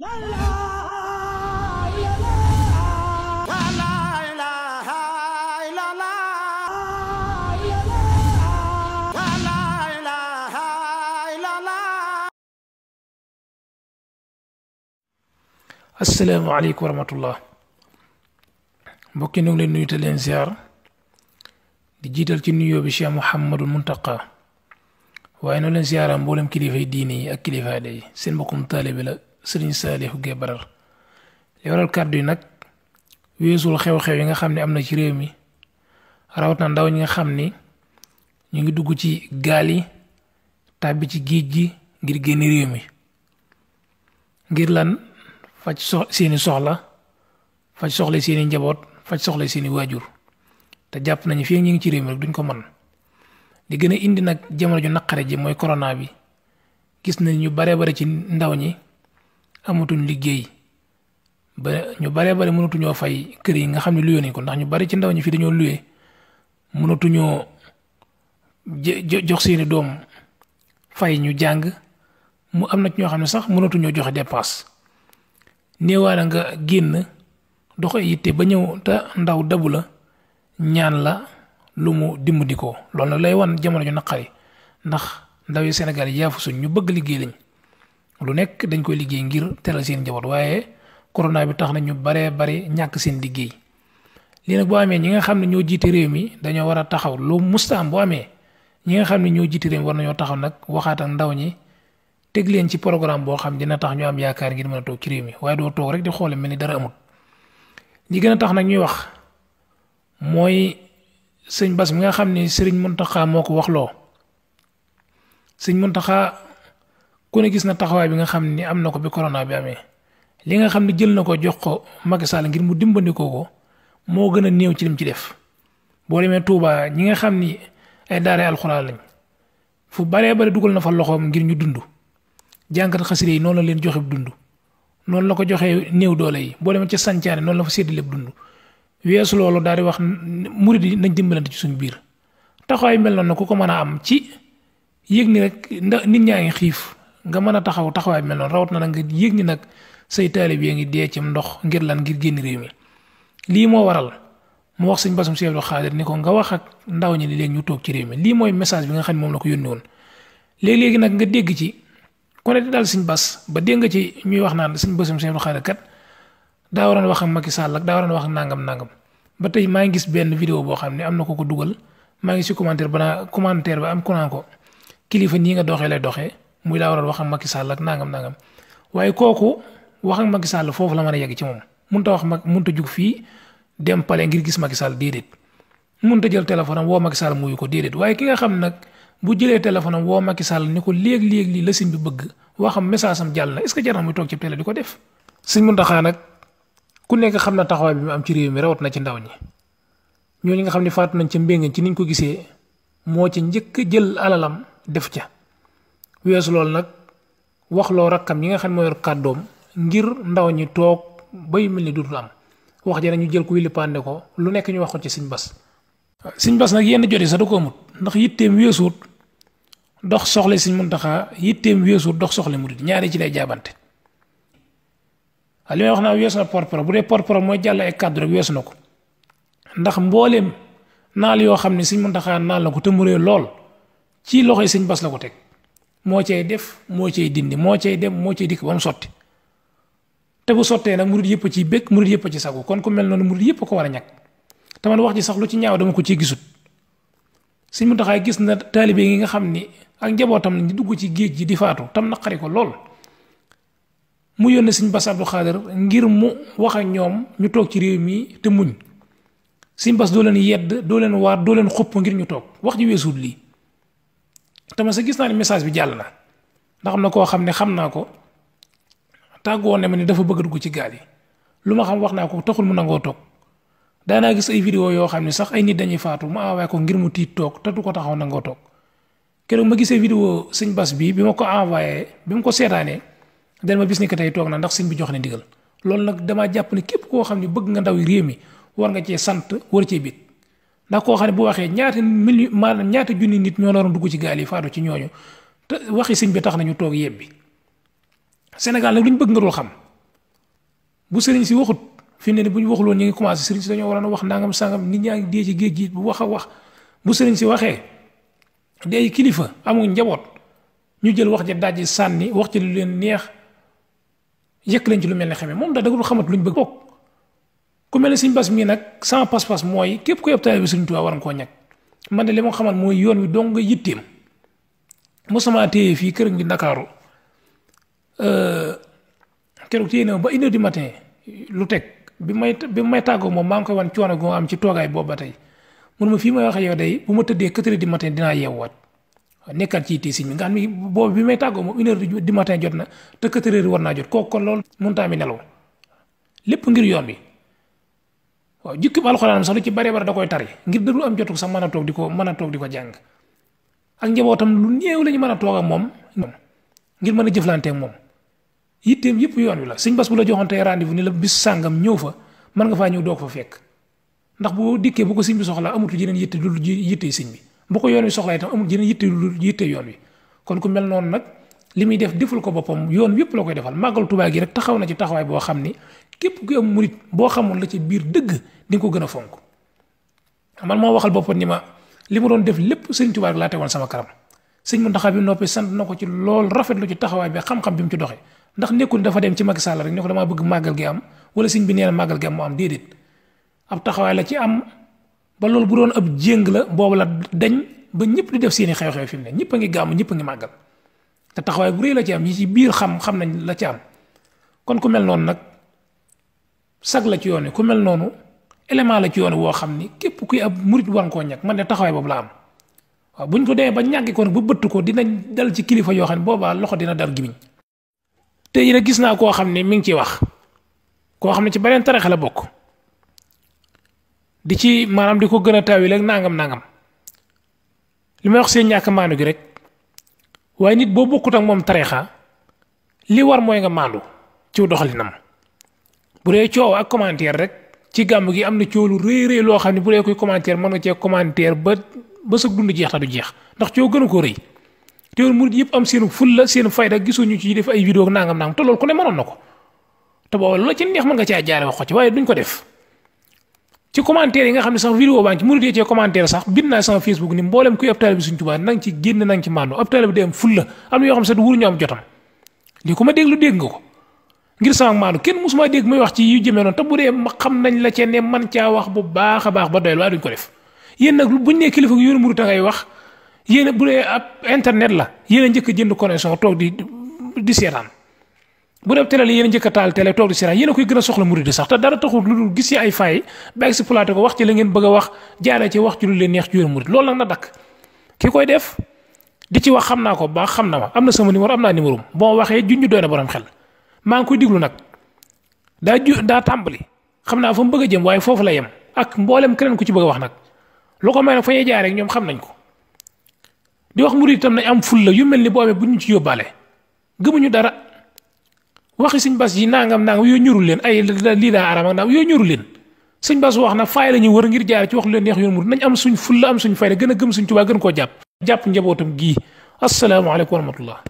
لا لا لا لا asalaamaaleykum wa rahmatullah mbokki ñu ngi leen nuyu te leen ziar di jiital ci nuyoo bi Cheikh Mouhamadul Muntaqa waaye noonu leen ziaraa mboolem kilifa yi diine yi ak kilifa yi seen mbokkum taalibe la sëriñ Saalihu Gaye Badar li waral kàddu yi nag weesul xew-xew yi nga xam ne am na ci réew mi rawat na ndaw ñi nga xam ni ñu ngi dugg ci gaal yi tàbbi ci géej gi ngir génn réew mi ngir lan faj sox seeni soxla faj soxla seeni njaboot faj soxla seeni waajur te jàpp nañu fii ñu ngi ci réew mi rek duñ ko mën di gën a indi nag jamono ju naqare ji mooy corona bi gis nañ ñu bare bare ci ndaw ñi amatuñ liggéey ba ñu bare bare ñoo fay kër yi nga xam ne luyoo ko ndax ñu bari ci ndaw ñi fi dañoo luyee ñoo jox seeni doom fay ñu jàng mu am na ci ñoo xam ne sax ñoo joxe dépense néewaale nga génn doxo yitte ba ñëw te ndaw dabu la ñaan la lu mu dimbali ko loolu nag lay wan jamono ju naqari ndax ndaw yi Sénégal yaafu suñ bëgg liggéey lañu lu nek dañ koy liggéey ngir teral seen njaboot waaye corona bi tax na ñu bare bari ñàkk seen liggéey lii nag boo amee ñi nga xam ne ñoo jiite réew mi dañoo war a taxaw lu musta am boo amee ñi nga xam ne ñoo jiite réew mi war nañoo taxaw nag waxaat ak ndaw ñi teg leen ci programme boo xam dina tax ñu am yaakaar ngir mën a toog ci réew mi waaye doo toog rek di xoole mel ni dara amut li gën a tax nag ñuy wax mooy sëñ bas mi nga xam ne sëriñ Muntaxa moo ko waxloo sëñ ku ne gis na taxawaay bi nga xam ni am na ko bi korona bi amee li nga xam ne jël na ko jox ko Macky ngir mu dimbandikoo ko moo gën a néew ci lim ci def boo demee Touba ñi nga xam ni ay daara alxuraan lañ fu baree bare dugal na fa loxoom ngir ñu dund jànkat xasida yi noonu la leen joxe dund noonu la ko joxee néew doole yi boo demee ci sancaane noonu la fa séddale dund weesu loolu daal di wax murid yi nañ dimbalante ci suñu biir taxawaay mel noonu ku ko mën a am ci yéeg ni rek nit ñaa ngi xiif nga mën a taxaw taxawaay bi mel noonu rawat na nag nga yéeg ni nag say taalib yaa ngi dee ci ndox ngir lan ngir génn réew mi lii moo waral mu wax sëñ basum Cheikh Abdou Khadir ni ko nga wax ak ndaw ñi ni leen ñu toog ci réew mi lii mooy message bi nga xam ne moom la ko yónni woon léegi-léegi nag nga dégg ci ku ne di daal sëñ bas ba dégg nga ci ñuy wax naan sëñ basum Cheikh Abdou Khadir kat daa waroon wax ak Macky Sall ak daa waroon wax ak nangam nangam ba tey maa ngi gis benn vidéo boo xam ne am na ko ko dugal maa ngi si commentaire ba naa commentaire ba am ku ko kilifa nii nga doxee lay doxee muy laa waral wax ak Macky Sall ak nangam nangam waaye kooku wax ak Macky Sall foofu la mën a yegg ci moom mun ta wax Macky mënut a jug fii dem pale ngir gis Macky Sall déedéet mënut a jël téléphone woo Macky Sall muyu ko déedéet waaye ki nga xam nag bu jëlee téléphone am woo Macky ni ko léeg-léeg li la sëñ bi bëgg waxam message am jàll na est ce que jar na muy toog ci télé di ko def. sëñ Mountakha nag ku nekk xam na taxawaay bi mu am ci réew mi rawat na ci ndaw ñi ñooñu nga xam ne faatu nañ ca mbéng ci niñ ko gisee moo ci njëkk jël alalam def ca wess lol nak, wax lo rakam yi nga xam moy kaddom ngir ndaw ñi tok bay melni ni dutul am wax ja nañu jël ko willi pande ko lu nekk ñu wax ko ci siñ bas siñ bass nak yenn joti sa du ko mut ndax yittem wessut dox soxla siñ muntaxaa yittem wessut dox soxla murit ñaari ci lay jaabante li wax na weesu na porpora bu dee porpora moy jàll ay cadre wess nako ndax mbooleem nal yo xamni ne siñ nal nako te mu ci bass la ko tek moo cay def moo cay dindi moo cay dem moo cay dikk ba mu sotti te bu sottee nag murid yëpp ci bëgg murid yëpp ci sagu kon ko mel noonu murid yëpp ko war a ñag te man wax ji sax lu ci ñaaw dama ko ciy gisut mu Muntaxa gis na taalibe yi nga xam ni ak njabootam lañ dugg ci géej ji di faatu tam na naqari ko lool mu yónnee Sëñ Bass Abdou Khadre ngir mu wax ak ñoom ñu toog ci réew mi te muñ Sëñ Bass doo leen yedd doo leen waat doo leen xupp ngir ñu toog wax ji weesuut lii te sa gis naa ne message bi jàll na ndax am na koo xam ne xam naa ko tàggoo ne ma ne dafa bëgg dugg ci gaal yi lu ma xam wax naa ko taxul mu nangoo toog daanaa gis ay vidéo yoo xam ne sax ay nit dañuy faatu mu envoyé ko ngir mu tiit toog te du ko taxaw nangoo toog keroog ma gisee vidéo sëñ bas bi bi ma ko envoyé bi ma ko seetaanee dan ma bis ni ko tey toog na ndax sëñ bi jox ne ndigal loolu nag damaa jàpp ne képp koo xam ne bëgg nga ndaw yi réew mi war nga cee sant war cee bit ndax koo xam ne bu waxee ñaata million maanaam ñaata junni nit ñoo naroon dugg ci gaal yi faatu ci ñooñu te waxi sëñ bi tax nañu toog yebbi sénégal nag luñ bëgg nga dul xam bu sëriñ si waxut fi ne buñ waxuloon ñu ngi commencé sëriñ si dañoo waroon wax nangam sangam nit ñaa ngi dee ci géej gi bu wax a wax bu sëriñ si waxee day kilifa amul njaboot ñu jël wax ja dajji sànni wax ci lu leen neex yëkk lañ ci lu mel ne xamee moom da dagul xamat luñ bëgg ku mel ne sëñ Bass mii nag sans pas-pas mooy képp ku yab taalibe bi sëñ Tuubaa war nga li ma xamal mooy yoon wi dong nga yitteem mosuma fii kër gi Ndakaaru euh, keroog téye na ba une heure du bi may bi may tàggoo moom maa ngi koy wan coono gu am ci toogaay boobu ba tey mun ma fii may wax yow day bu ma tëddee quatre heures du matin dinaa yeewaat nekkaat ci tiis mi nga xam ne boobu bi may tàggoo moom une heure du matin jot na te quatre heures war naa jot kooku ko loolu mënut a am nelaw lépp ngir yoon bi. jikko jukkib alxuraan sax lu ci bare bare da koy tari ngir deglu am jottu sax mën a toog di ko mën a ak njabotam lu neew lañu mën a toog ak moom ngir mën a jëflante ak moom yitteem yëpp yoon wi la seigne bass bu la joxon tay rendez-vous ni la bis sangam ñew fa man nga fa ñew dok fa fekk ndax bu dikkee bu ko seigne bi soxla amatu jeneen yitte lu yitte seigne bi bu ko yoon wi soxla itam amul jeneen yitte lu yitte yoon wi kon ku mel non nak limi def deful ko bopam yoon yëpp la koy defal magal tuba gi rek taxaw na ci taxaway bo xamni képp ku am murit boo xamul la ci biir dëgg di ko gën a fonk man moo waxal boppam ni ma li ma doon def lépp sëriñ Tuubaa laa tegoon sama karam sëñ Muntaxa bi noppi sant na ko ci lool lu ci taxawaay bi xam-xam bi mu ci doxee ndax nekkul dafa dem ci Macky Sall rek ne ko dama bëgg màggal gi am wala sëñ bi neena gi am mu am déedéet ab taxawaay la ci am ba loolu bu doon ab jéng la boobu la dañ ba ñëpp di def seeni xew-xew fi mu ne ñëpp a ngi gàmm ñëpp a ngi màggal te taxawaay la ci am yi ci biir xam xam nañ la ci am kon ku mel noonu nag sag la ci yoon wi ku mel noonu élément la ci yoon woo xam ni képp kuy ab murit war koo ñàkk man de taxawaay boobu la am waaw buñ ko demee ba ñàkki ko bu bëtt ko dina dal ci kilifa yoo xam ne boobaa loxo dina dar gimiñ te yéen gis naa koo xam ne mi ngi ciy wax koo xam ne ci beneen tarixa la bokk di ci maanaam di ko gën a taawi rek nangam nangam li may wax seen ñàkk maandu gi rek waaye nit boo bokkut ak moom tarixa li war mooy nga maandu ci doxalinam. bu dee coow ak commentaire rek ci gàmm gi am na coow lu rëy rëy loo xam ne bu dee koy commentaire mën nga cee commentaire ba ba sa dund jeex du jeex ndax coow gënu ko rëy teewul murid yëpp am seen fulla seen fayda gisuñu ci def ay vidéo nangam nangam te loolu ku ne na ko te booba neex mën nga caa jaare wax ko ci waaye duñ ko def ci commentaire yi nga xam ne sax vidéo baa ngi ci murid yi cee commentaire sax bind naa sama Facebook ni mboolem kuy ab taalibe suñ Tuubaa nang ci génn nang ci màndu ab taalibe bi am fulla am na yoo xam sax du wóor am jotam lii ku ma déglu dégg nga ko ngir sama maanu kenn mosuma dégg muy wax ci yu jëmee noonu te bu dee xam nañ la cee ne man caa wax bu baax a baax ba doyal waaye duñ ko def yéen nag buñ nee kilifa yoonu murit ngay wax yéen bu dee ab internet la yéen a njëkk a jënd connexion toog di di seetaan bu dee télé la yéen a njëkk a taal télé toog di seetaan yéen a koy gën a soxla murit di sax te dara taxul lu dul gis ay fay ba exploité ko wax ci la ngeen bëgg a wax jaaree ci wax ci lu leen neex ci yoonu murit loolu nag na dakk ki koy def di ci wax xam naa ko baax xam na am na sama numéro naa numéro boo waxee junj doy na borom xel maa ngi koy diglu nag daa ju daa tàmbali xam naa fa mu bëgg a jëm waaye foofu la yem ak mboolem keneen ku ci bëgg a wax nag lu ko may nag fa ñuy ñoom xam nañ ko di wax murid itam nañ am fulla yu mel ni boobee bu ñu ci yóbbaale gëmuñu dara waxi sëñ bas yi nangam nangam yoo ñorul leen ay lii daa araam ak nangam yoo ñorul leen sëñ bas wax na faay la ñuy wër ngir jaar ci wax lu leen neex yoon murid nañ am suñ fulla am suñ fayda gën a gëm suñ Tuubaa gën koo jàpp jàpp njabootam gii asalaamaaleykum wa rahmatullah